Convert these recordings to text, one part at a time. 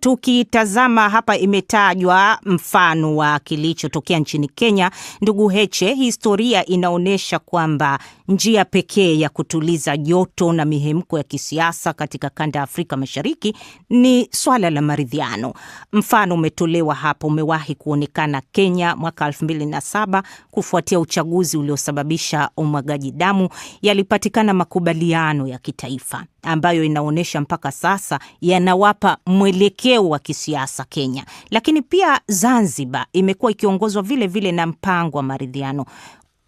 tukitazama hapa imetajwa mfano wa kilichotokea nchini Kenya. Ndugu Heche, historia inaonyesha kwamba njia pekee ya kutuliza joto na mihemko ya kisiasa katika kanda ya Afrika Mashariki ni swala la maridhiano. Mfano umetolewa hapa, umewahi kuonekana Kenya mwaka 2007 kufuatia uchaguzi uliosababisha umwagaji damu, yalipatikana makubaliano ya kitaifa ambayo inaonyesha mpaka sasa yanawapa mwelekeo mwelekeo wa kisiasa Kenya, lakini pia Zanzibar imekuwa ikiongozwa vile vile na mpango wa maridhiano.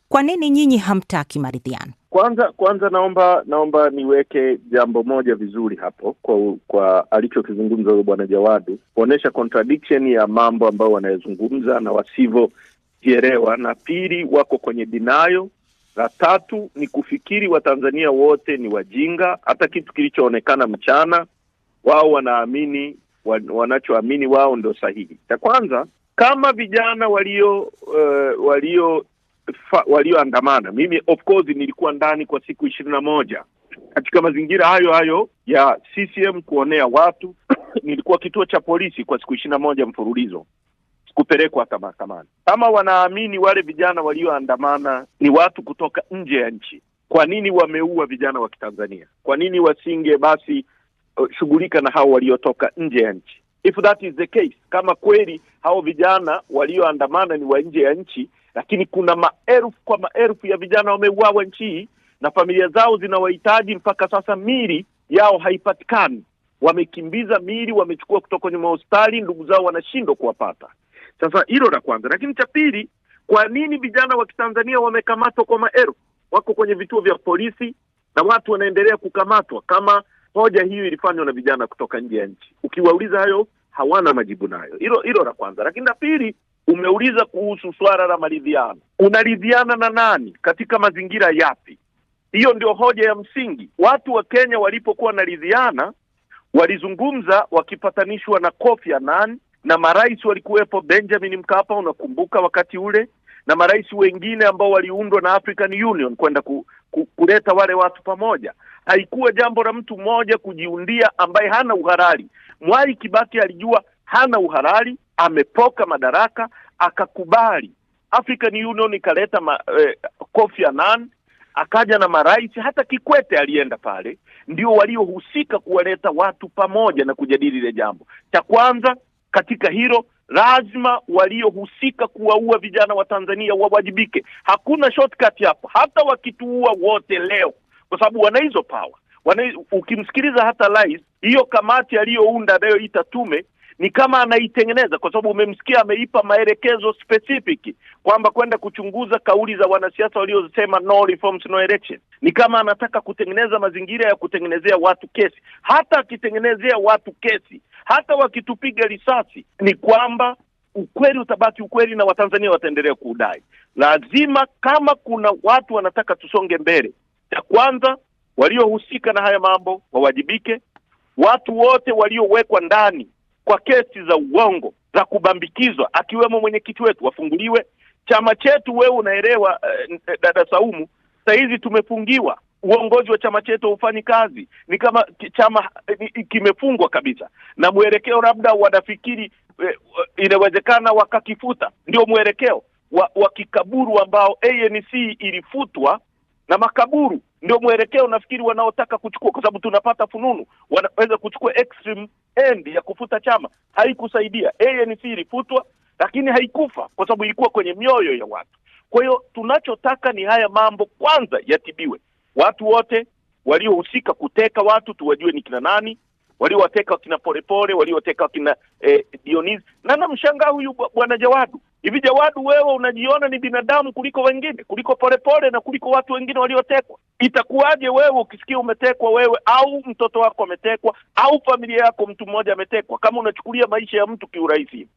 Kwa nini nyinyi hamtaki maridhiano? Kwanza kwanza, naomba naomba niweke jambo moja vizuri hapo kwa kwa alichokizungumza huyo bwana Jawadu, kuonyesha contradiction ya mambo ambayo wanayozungumza na wasivyoelewa, na pili, wako kwenye dinayo la tatu ni kufikiri Watanzania wote ni wajinga. Hata kitu kilichoonekana mchana, wao wanaamini wanachoamini wao ndo sahihi. Cha kwanza kama vijana walio uh, walio walioandamana, mimi of course nilikuwa ndani kwa siku ishirini na moja katika mazingira hayo hayo ya CCM kuonea watu nilikuwa kituo cha polisi kwa siku ishirini na moja mfululizo kupelekwa hata mahakamani. Kama wanaamini wale vijana walioandamana ni watu kutoka nje ya nchi, kwa nini wameua vijana wa Kitanzania? Kwa nini wasinge basi shughulika na hao waliotoka nje ya nchi. If that is the case, kama kweli hao vijana walioandamana ni wa nje ya nchi, lakini kuna maelfu kwa maelfu ya vijana wameuawa nchi hii na familia zao zinawahitaji mpaka sasa, mili yao haipatikani, wamekimbiza mili, wamechukua kutoka kwenye mahospitali, ndugu zao wanashindwa kuwapata. Sasa hilo la kwanza, lakini cha pili, kwa nini vijana wa Kitanzania wamekamatwa kwa maelfu, wako kwenye vituo vya polisi na watu wanaendelea kukamatwa kama hoja hiyo ilifanywa na vijana kutoka nje ya nchi. Ukiwauliza hayo hawana majibu nayo. Hilo hilo la kwanza, lakini la pili umeuliza kuhusu swala la maridhiano. Unaridhiana na nani katika mazingira yapi? Hiyo ndio hoja ya msingi. Watu wa Kenya walipokuwa wanaridhiana, walizungumza wakipatanishwa na Kofi Annan na marais walikuwepo, Benjamin Mkapa, unakumbuka wakati ule, na marais wengine ambao waliundwa na African Union kwenda ku, ku, kuleta wale watu pamoja haikuwa jambo la mtu mmoja kujiundia ambaye hana uhalali. Mwai Kibaki alijua hana uhalali, amepoka madaraka akakubali. African Union ikaleta eh, Kofi Annan akaja na marais, hata Kikwete alienda pale, ndio waliohusika kuwaleta watu pamoja na kujadili ile jambo. Cha kwanza katika hilo lazima waliohusika kuwaua vijana wa Tanzania wawajibike. Hakuna shortcut hapo, hata wakituua wote leo kwa sababu wana hizo power wana. Ukimsikiliza hata rais, hiyo kamati aliyounda anayoita tume ni kama anaitengeneza, kwa sababu umemsikia ameipa maelekezo specific kwamba kwenda kuchunguza kauli za wanasiasa waliosema no reforms no election. Ni kama anataka kutengeneza mazingira ya kutengenezea watu kesi. Hata akitengenezea watu kesi, hata wakitupiga risasi, ni kwamba ukweli utabaki ukweli na Watanzania wataendelea kuudai. Lazima kama kuna watu wanataka tusonge mbele, cha kwanza, waliohusika na haya mambo wawajibike. Watu wote waliowekwa ndani kwa kesi za uongo za kubambikizwa, akiwemo mwenyekiti wetu, wafunguliwe. Chama chetu, wewe unaelewa eh, eh dada Saumu, saa hizi tumefungiwa uongozi wa chama chetu haufanyi kazi, ni kama chama eh, kimefungwa kabisa, na mwelekeo labda wanafikiri eh, inawezekana wakakifuta, ndio mwelekeo wa, wa kikaburu ambao ANC ilifutwa na makaburu ndio mwelekeo nafikiri wanaotaka kuchukua, kwa sababu tunapata fununu wanaweza kuchukua extreme end ya kufuta chama. Haikusaidia, ANC ilifutwa, lakini haikufa kwa sababu ilikuwa kwenye mioyo ya watu. Kwa hiyo tunachotaka ni haya mambo kwanza yatibiwe, watu wote waliohusika kuteka watu tuwajue ni kina nani, waliowateka wakina Polepole, waliowateka wakina eh, Dionis na namshangaa huyu bwana Jawadu Hivi Jawadu, wewe unajiona ni binadamu kuliko wengine, kuliko Polepole pole na kuliko watu wengine waliotekwa? Itakuwaje wewe ukisikia umetekwa wewe au mtoto wako ametekwa au familia yako, mtu mmoja ametekwa, kama unachukulia maisha ya mtu kiurahisi?